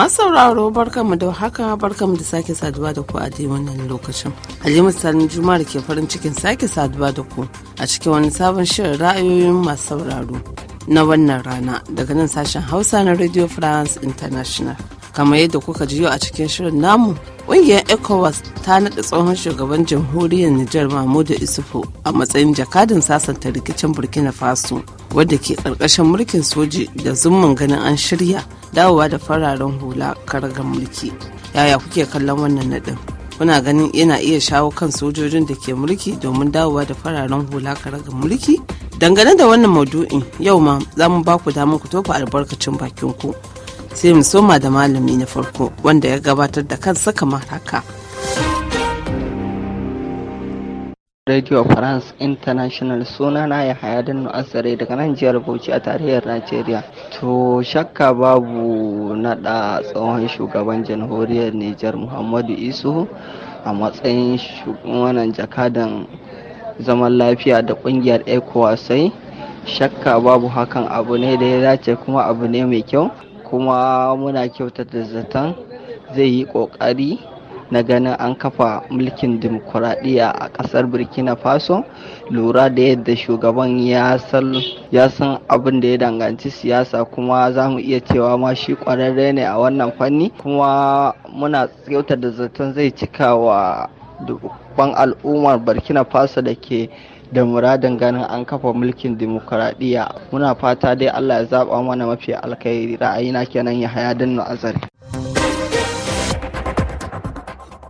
masauraro barkanmu da haka barkanmu da sake saduwa da ku a dai wannan lokacin halima sanin juma da ke farin cikin sake saduwa da ku a cikin wani sabon shirin ra'ayoyin masu sauraro na wannan rana daga nan sashen hausa na radio france international kamar yadda kuka jiyo a cikin shirin namu ƙungiyar ecowas ta naɗa tsohon shugaban jamhuriyar nijar mahmudu isufu a matsayin jakadin sasanta rikicin burkina faso wadda ke ƙarƙashin mulkin soji da zumman ganin an shirya dawowa da fararen hula karagar mulki yaya kuke kallon wannan naɗin kuna ganin yana iya shawo kan sojojin da ke mulki domin dawowa da fararen hula karagar mulki dangane da wannan maudu'in yau ma za mu ba ku damar ku tofa albarkacin bakin ku sai mu soma da malami na farko wanda ya gabatar da kansa kamar haka. Radio France International suna na ya haya dannu asare daga nan jihar Bauchi a tarayyar Najeriya. To shakka babu nada tsohon shugaban jamhuriyar Nijar Muhammadu Isu a matsayin wannan jakadan zaman lafiya da ƙungiyar ECOWAS sai shakka babu hakan abu ne da ya dace kuma abu ne mai kyau kuma muna kyautata zaton zai yi ƙoƙari na ganin an kafa mulkin dimokuraɗiyya a ƙasar burkina faso lura da yadda shugaban ya san abin da ya danganci siyasa kuma za mu iya cewa ma shi ƙwararre ne a wannan fanni kuma muna kyautar da zaton zai cika wa dubban al'ummar burkina faso da ke da muradin ganin an kafa mulkin dimokuraɗiyya muna fata dai allah ya zaɓa mana mafi alkhairi ra'ayina kenan ya haya danna azari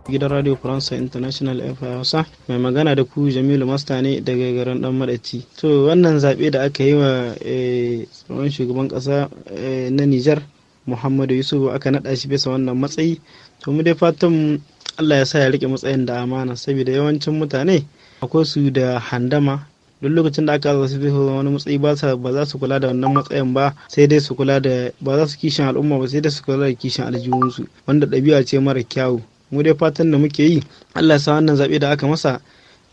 gidan radio faransa international fm hausa mai magana da ku jamilu masta ne daga garin dan madaci to wannan zaɓe da aka yi wa eh, tsohon shugaban ƙasa eh, na nijar muhammadu yusuf aka naɗa shi bisa wannan matsayi to mu dai fatan allah ya sa ya rike matsayin da amana saboda yawancin mutane akwai su da handama duk lokacin da aka zo su wani matsayi ba za su kula da wannan matsayin ba sai dai su kula da ba za su kishin al'umma ba sai dai su kula da kishin aljihunsu wanda ɗabi'a ce mara kyawu mu dai fatan da muke yi Allah ya sa wannan zaɓe da aka masa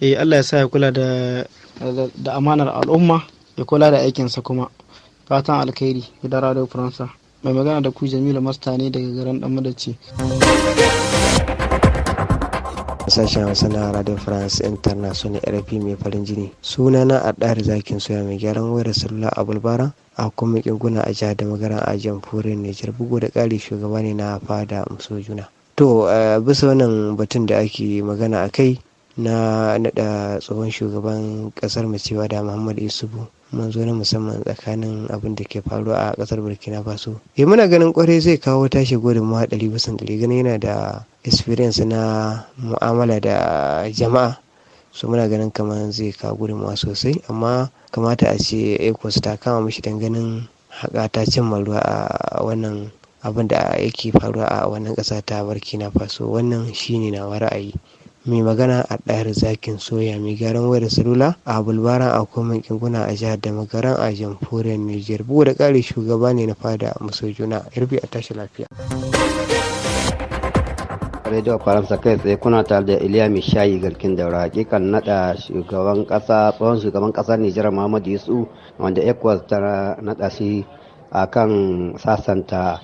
eh Allah ya sa ya kula da amanar al'umma ya kula da aikinsa kuma fatan alkhairi gidan radio faransa mai magana da ku jamilu masta ne daga garin dan madace sashen hausa na radio france international rfi mai farin jini suna na adar zakin soya mai gyaran wayar salula a bulbara a kuma kinguna a jihar da magaran a jamhuriyar niger bugu da ƙari shugaba ne na fada muso juna to bisa wannan batun da ake magana a kai na naɗa tsohon shugaban kasar mai cewa da muhammad isubu Mun zo na musamman tsakanin abin da ke faruwa a kasar burkina faso eh muna ganin kwarai zai kawo tashi gudun mu haɗari bisan ɗari ganin yana da experience na mu'amala da jama'a su muna ganin kamar zai kawo gudun mu sosai amma kamata a ce ecos ta kama mashi dan ganin haƙa ta cin ruwa a wannan abin da yake faruwa a wannan ƙasa ta burkina faso wannan shine na ra'ayi mai magana a ɗayar zakin soya mai gyaran wayar salula a bulbaran a mai kinguna a jihar da magaran a jamhuriyar niger bugu da ƙari shugaba ne na fada musu juna irbi a tashi lafiya radio faransa kai tsaye kuna tare da iliya mai shayi garkin daura hakikan nada shugaban kasa tsohon shugaban kasar nijar muhammadu yusu wanda ecuador ta nada shi a kan sasanta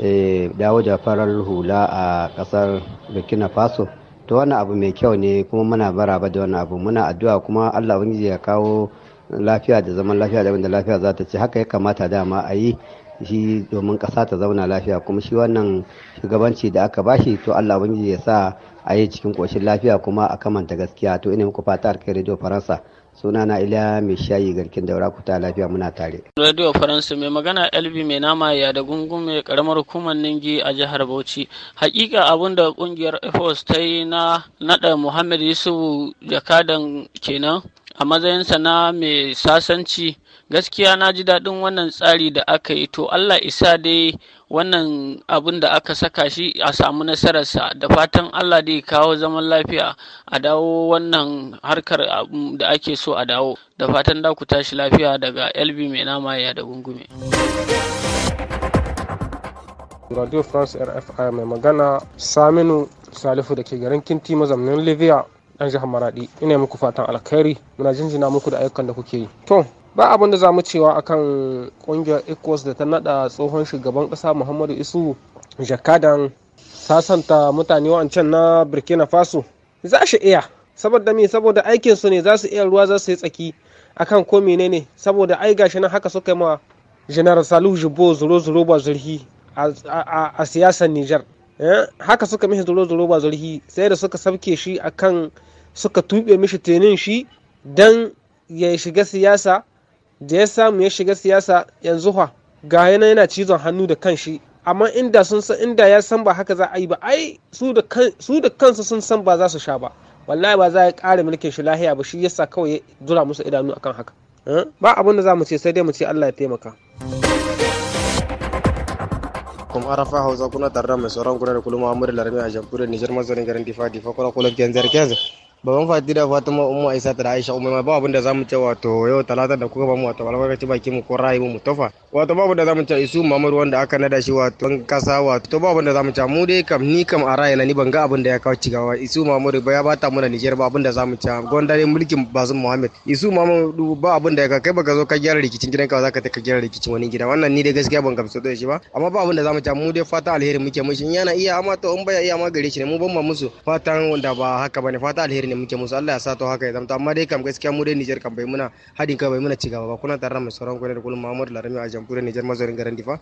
eh, dawo da farar hula a kasar burkina faso to wannan abu mai kyau ne kuma muna baraba da wannan abu muna addu'a kuma Allah ubangiji ya kawo lafiya da zaman lafiya da wanda lafiya za ta ci haka ya kamata dama a yi shi domin ƙasa ta zauna lafiya kuma shi wannan shugabanci da aka bashi to Allah ubangiji ya sa a yi cikin ƙoshin lafiya kuma a kamanta gaskiya to ina muku fata alkai radio faransa suna na ila mai shayi garkin daura kuta lafiya muna tare. radio faransa mai magana elbi mai nama ya da gungun mai karamar hukumar ningi a jihar bauchi hakika abun da kungiyar efos ta yi na nada muhammad yusuf jakadan kenan a matsayinsa na mai sasanci gaskiya na ji daɗin wannan tsari da aka yi to allah isa dai wannan abin da aka saka shi a samu nasararsa da fatan allah da kawo zaman lafiya a dawo wannan harkar da ake so a dawo da fatan da ku tashi lafiya daga lb mai nama ya da gungume radio france rfi mai magana saminu salifu da ke garin kinti mazaunin livia ɗan jihar maraɗi ina muku fatan alkhairi muna jinjina muku da ayyukan da kuke yi to ba abin da za mu cewa akan kungiyar ecos da ta nada tsohon shugaban kasa muhammadu isu jakadan sasanta mutane wancan na burkina faso za shi iya saboda me saboda aikin su ne za su iya ruwa za su yi tsaki akan ko menene saboda ai gashi nan haka suka yi ma general salu jibo zuro zuro ba zurhi a siyasar niger eh, haka suka mishi zuro zuro ba zurhi sai da suka sabke shi akan suka tuɓe mishi tenin shi dan ya shiga siyasa da ya samu ya shiga siyasa yanzu fa ga yana yana cizon hannu da kan shi amma inda sun san inda ya san ba haka za a yi ba ai su da kansu sun san ba za su sha ba wallahi ba za a ƙara mulkin shi lahiya ba shi yasa kawai ya dura musu idanu akan haka eh? ba abin da za mu ce sai dai mu ce Allah ya taimaka kuma arafa hausa kuna tare da mai sauran gudanar da kuluma amur larami a jamhuriyar nijar mazarin garin difa difa kuna kulantiyan zarkensa baban fati da fatima umma isa ta da aisha umma ba abin da zamu ce wato yau talata da kuka ba mu wato albarkaci baki mu ko rayu mu tofa wato babu da zamu ta isu mamur wanda aka nada shi wato ban kasa wato babu da zamu ta mu dai kam ni kam a rayuwa ni ban ga abin da ya kawo cigawa isu mamur ba ya bata mana Niger ba abin da zamu ta gondare mulkin Bazum Muhammad isu mamur ba abin da ya kai baka zo ka gyara rikicin gidanka za ka ta ka gyara rikicin wani gida wannan ni dai gaskiya ban gamsu da shi ba amma ba abin da zamu ta mu dai fata alheri muke mishi in yana iya amma to in baya iya ma gare shi ne mu ban ma musu fatan wanda ba haka bane fata alheri ne muke musu Allah ya sa to haka ya zamta amma dai kam gaskiya mu dai Niger kam bai muna hadin kai bai muna cigaba ba kuna tarar mai sauran ku da kullum Muhammad Larami a jamhuriyar Nijar mazarin garin Difa.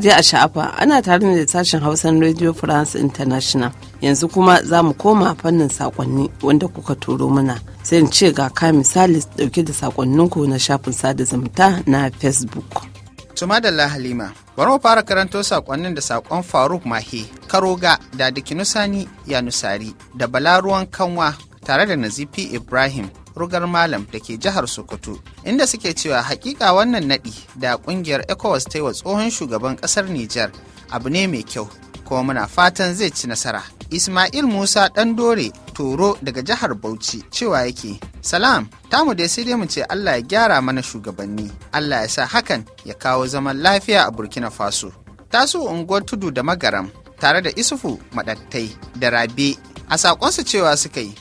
je a sha'afa ana tare da sashen Hausan Radio France International yanzu kuma za mu koma fannin sakonni wanda kuka turo mana sai in ce ga ka misali dauke da sakonninku na shafin sada zumunta na Facebook. tuma da Halima, bari mu fara karanto sakonnin da sakon Faruk Mahe, Karoga da Dikinusani Yanusari da Bala Ruwan Kanwa tare da Nazifi Ibrahim rugar malam da ke jihar sokoto inda suke cewa hakika wannan nadi da kungiyar ecowas ta yi wa tsohon shugaban kasar Nijar, abu ne mai kyau kuma muna fatan zai ci nasara ismail musa ɗan dore toro daga jihar bauchi cewa yake salam Ta tamu dai sai dai mu ce allah ya gyara mana shugabanni allah ya sa hakan ya kawo zaman lafiya a burkina faso Ta su unguwar tudu da magaram tare da isufu madattai da rabe a saƙonsu cewa suka yi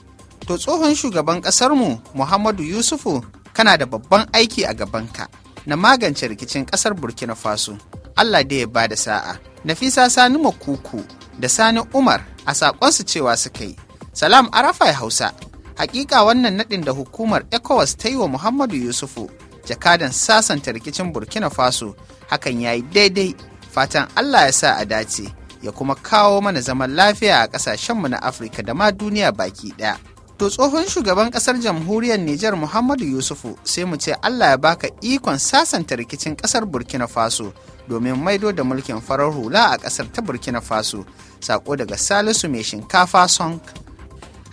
to tsohon shugaban ƙasarmu muhammadu yusufu kana da babban aiki a gabanka na magance rikicin ƙasar burkina faso allah da ya ba da sa'a nafisa sani makuku da sani umar a saƙonsu cewa suka yi salam arafai hausa Haƙiƙa wannan naɗin da hukumar ecowas ta yi wa muhammadu yusufu jakadan sasanta rikicin burkina faso hakan ya yi daidai fatan allah ya sa a dace ya kuma kawo mana zaman lafiya a ƙasashenmu na afirka da ma duniya baki ɗaya To tsohon shugaban kasar jamhuriyar Nijar Muhammadu Yusufu sai mu ce Allah ya baka ikon sasanta rikicin kasar Burkina Faso domin maido da mulkin farar hula a kasar ta Burkina Faso. Sako daga Salisu mai shinkafa song.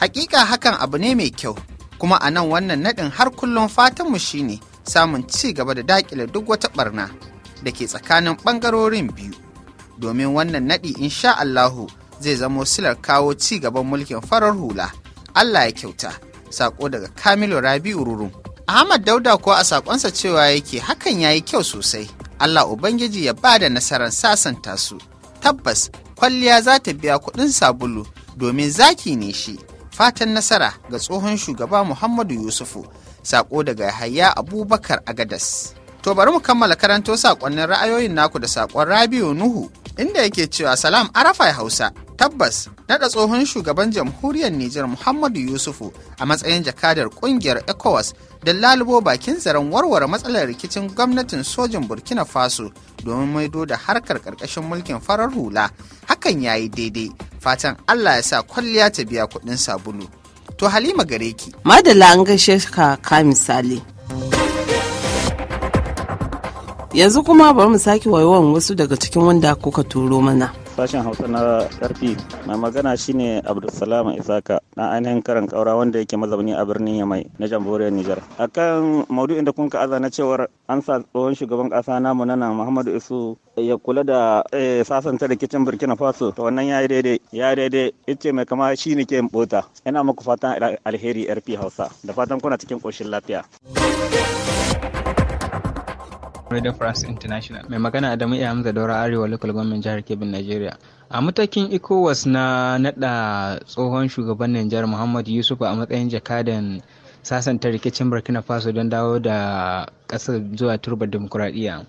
Hakika hakan abu ne mai kyau kuma a nan wannan naɗin har kullum fatanmu shine samun ci gaba da dakile duk wata barna da ke tsakanin ɓangarorin biyu domin wannan naɗi insha Allahu zai zamo silar kawo ci gaban mulkin farar hula. Allah ya kyauta sako daga Kamilu Rabi'u Ururu. Ahmad Dauda kuwa a saƙonsa cewa yake hakan ya yi kyau sosai. Allah Ubangiji ya ba da nasarar sasanta su. Tabbas kwalliya za ta biya kuɗin sabulu domin zaki ne shi. Fatan nasara ga tsohon shugaba Muhammadu Yusufu. saƙo daga Hayya Abubakar Agadas. To bari mu kammala karanto saƙonnin ra'ayoyin naku da saƙon Rabiu Nuhu inda yake cewa salam Arafai Hausa Tabbas, nada tsohon shugaban jamhuriyar Nijar Muhammadu Yusufu a matsayin jakadar kungiyar ECOWAS don lalubo bakin zaren warware matsalar rikicin gwamnatin sojin Burkina Faso domin maido da harkar ƙarƙashin mulkin farar hula. Hakan ya yi daidai, fatan Allah ya sa kwalliya ta biya kuɗin sabulu. To Halima gare ki. Madala an gaishe ka ka misali. Yanzu kuma bari mu sake wayewan wasu daga cikin wanda kuka turo mana. sashen hausa na karfi Mai magana shine abdulsalam isaka na ainihin karan kaura wanda yake mazauni a birnin yamai na jamhuriyar nijar kan maudu'in da kun aza na cewar an sa tsohon shugaban kasa namu na nan muhammadu isu ya kula da eh, sasanta rikicin burkina faso to wannan ya daidai ya daidai ice mai kama shi shine ke bota ina muku fatan alheri rp hausa da fatan kuna cikin koshin lafiya Radio France International. Mai magana Adamu Iya Hamza Daura Arewa Local Government Jihar Kebbi, Najeriya. A matakin ECOWAS na nada tsohon shugaban Nijar Muhammad Yusuf a matsayin jakadan sasanta rikicin Burkina Faso don dawo da ƙasar zuwa turbar demokuraɗiyya.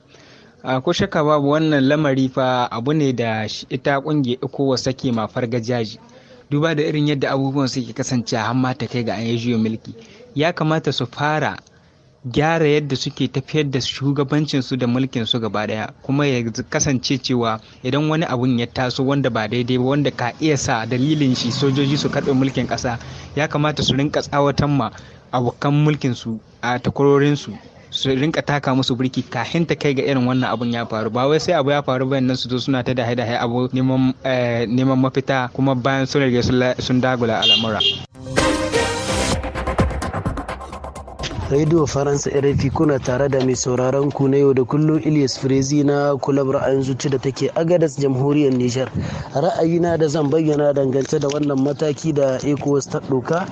a ko shaka babu wannan lamari fa abu ne da ita kungiyar ECOWAS take mafar gajaji duba da irin yadda abubuwan suke kasance a hamma ta kai ga an yi milki ya kamata su fara gyara yadda suke tafiyar da shugabancinsu da mulkinsu gaba daya kuma ya kasance cewa idan wani abun ya taso wanda ba daidai ba wanda ka iya sa dalilin shi sojoji su karbe mulkin kasa ya kamata su rinka tsawatan ma abokan mulkinsu a takwarorinsu su rinka taka musu birki kafin ta kai ga irin wannan abun ya faru ba wai sai abu ya faru bayan nan su zo suna ta da haida abu eh, neman mafita kuma bayan sun rage sun dagula al'amura. Radio Faransa RFI kuna tare da mai sauraron ku na yau da kullum Ilyas Frezi na kulab ra'ayin zuci da take Agadas Jamhuriyar Nijar. Ra'ayina da zan bayyana dangance da wannan mataki da ECOWAS ta ɗoka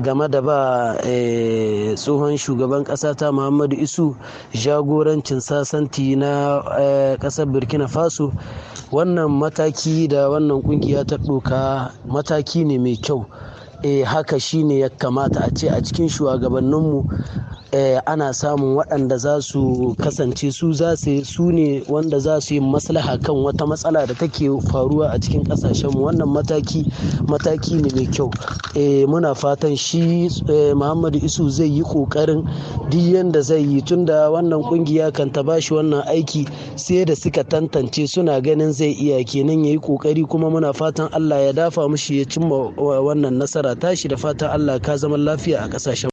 game da ba eh, tsohon shugaban ƙasa ta Muhammadu Isu jagorancin sasanti na eh, ƙasar Burkina Faso. Wannan mataki da wannan ƙungiya ta ɗoka mataki ne mai kyau. eh haka shine ya kamata a ce a cikin shugabanninmu Eh, ana samun waɗanda za su kasance su su ne wanda za su yi maslaha kan wata matsala da take faruwa a cikin ƙasashen wannan mataki mataki ne mai kyau eh, muna fatan shi eh, muhammadu isu zai yi ƙoƙarin duk yadda zai yi tun da wannan ƙungiya kan ta ba shi wannan aiki sai da suka tantance suna ganin zai iya kenan ya yi ƙoƙari kuma muna fatan allah ya dafa mushi ya cimma wannan nasara tashi da fatan allah ka zama lafiya a ƙasashen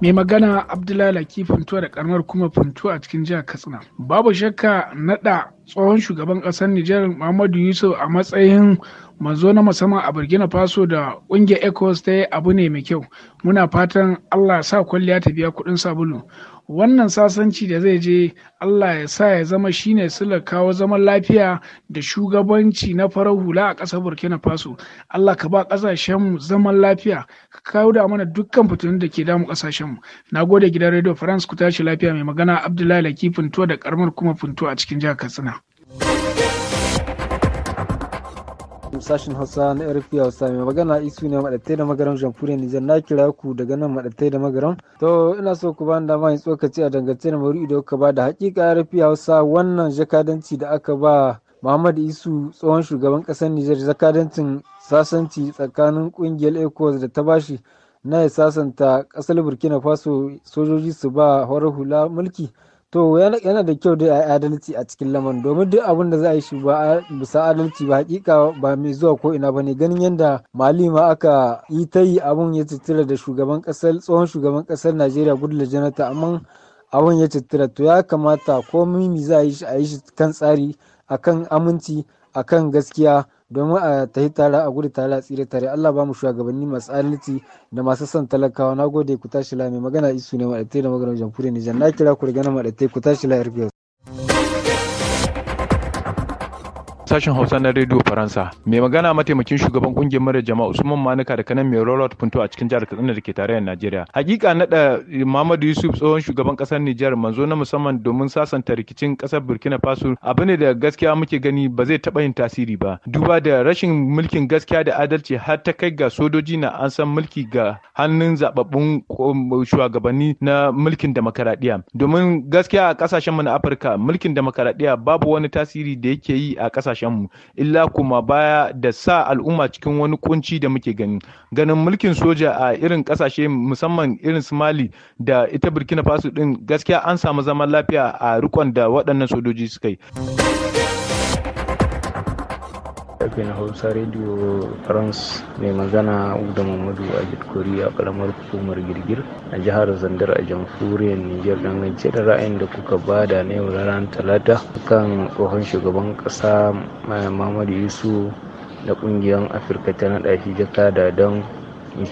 mai magana abdullahi laki funtuwa da karamar kuma funtuwa a cikin jihar katsina babu shakka nada tsohon shugaban kasar nijar muhammadu yusuf a matsayin manzo na musamman a burkina faso da ƙungiyar ecos ta yi abu ne mai kyau muna fatan allah sa kwalliya ta biya kuɗin sabulu wannan sasanci da zai je Allah ya sa ya zama shine sulakawa kawo zaman lafiya da shugabanci na farar hula a ƙasar Burkina Faso Allah ka ba ƙasashenmu zaman lafiya ka kawo da mana dukkan fitilun da ke damu ƙasashen mu na gode gidan Radio France ku tashi lafiya mai magana Abdullahi Laki Funtuwa da karmar kuma Funtuwa a cikin jihar Katsina. sashen Hausa na RFI Hausa mai magana isu ne madattai da magaram jamhuriyar Nijar na kira ku daga nan madattai da magaram. To ina so ku bani dama in tsokaci a dangance da maudu'i da kuka ba da hakika RFI Hausa wannan jakadanci da aka ba Muhammad Isu tsohon shugaban kasar Nijar jakadancin sasanci tsakanin kungiyar ecos da ta bashi na ya sasanta ƙasar Burkina Faso sojoji su ba horar hula mulki. to yana da kyau dai a yi adalci a cikin laman domin duk abin da za a yi shi bisa adalci ba hakika ba mai zuwa ko ina ne ganin yadda mali aka yi ta yi abun ya tattara da shugaban kasar tsohon shugaban kasar najeriya goodluck jonathan amma abin ya tattara to ya kamata ko mimi za a a yi shi kan tsari akan aminci akan gaskiya domin eh, a yi tare a gudu tare a tsira tare Allah ba mu shugabanni masu adalci da masu son talakawa na gode ku tashi la mai magana isu ne maɗatai da maganar jamhuriyar Nijar na kira ku gana maɗatai ku tashi la sashen Hausa na Radio Faransa. Mai magana mataimakin shugaban kungiyar mara jama'a Usman Manuka da kanan mai Rolot Punto a cikin jihar Katsina da ke tarayyar Najeriya. Hakika da Muhammadu Yusuf tsohon shugaban kasar Nijar manzo na musamman domin sasanta rikicin kasar Burkina Faso abu ne da gaskiya muke gani ba zai taba yin tasiri ba. Duba da rashin mulkin gaskiya da adalci har ta kai ga sojoji na an san mulki ga hannun zababbun shugabanni na mulkin demokaradiyya. Domin gaskiya a kasashen mu na Afirka mulkin demokaradiyya babu wani tasiri da yake yi a kasashen ƙasashenmu illa kuma baya da sa al'umma cikin wani kunci da muke gani ganin mulkin soja a irin kasashe musamman irin su mali da ita burkina faso din gaskiya an samu zaman lafiya a rikon da waɗannan sojoji suka yi. karfe na hausa radio france mai magana uda mamadu a a karamar hukumar girgir a jihar zandar a jamhuriyar niger dangance da ra'ayin da kuka bada na yau ranar talata kan tsohon shugaban kasa mamadu yusu da kungiyar afirka ta naɗa shi da don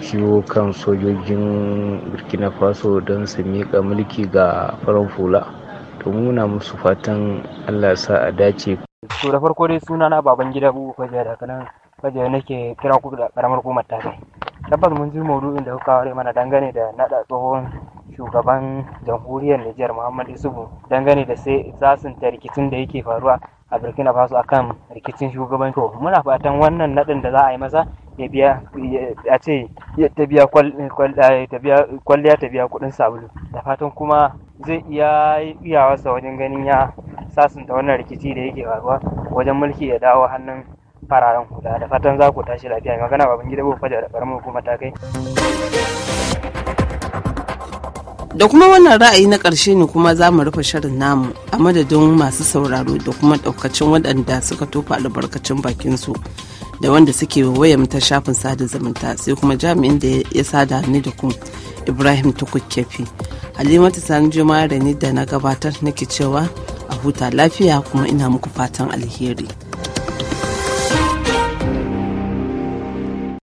ciwo kan sojojin burkina faso don su miƙa mulki ga farin hula to muna musu fatan allah sa a dace To da farko dai suna na baban gida bugu kwaje da kanan kwaje nake kira ku da karamar hukumar ta kai. Tabbas mun ji maudu'in da kuka ware mana dangane da nada tsohon shugaban jamhuriyar Nijar Muhammad Isubu dangane da sai sasanta rikicin da yake faruwa a Burkina Faso akan rikicin shugaban to muna fatan wannan nadin da za a yi masa ya biya a ce ta biya kwalliya ta biya kudin sabulu da fatan kuma zai iya iyawarsa wajen ganin ya sasanta wannan rikici da yake faruwa wajen mulki ya dawo hannun fararen hula da fatan za ku tashi lafiya magana baban gida bai fajar da karamar hukumar ta kai da kuma wannan ra'ayi na ƙarshe ne kuma za mu rufe shirin namu a madadin masu sauraro da kuma ɗaukacin waɗanda suka tofa albarkacin bakinsu da wanda suke waya ta shafin sada zumunta sai kuma jami'in da ya sada ni da ku ibrahim tukukkefi halimatu sanjuma da ni da na gabatar nake cewa huta lafiya kuma ina muku fatan alheri.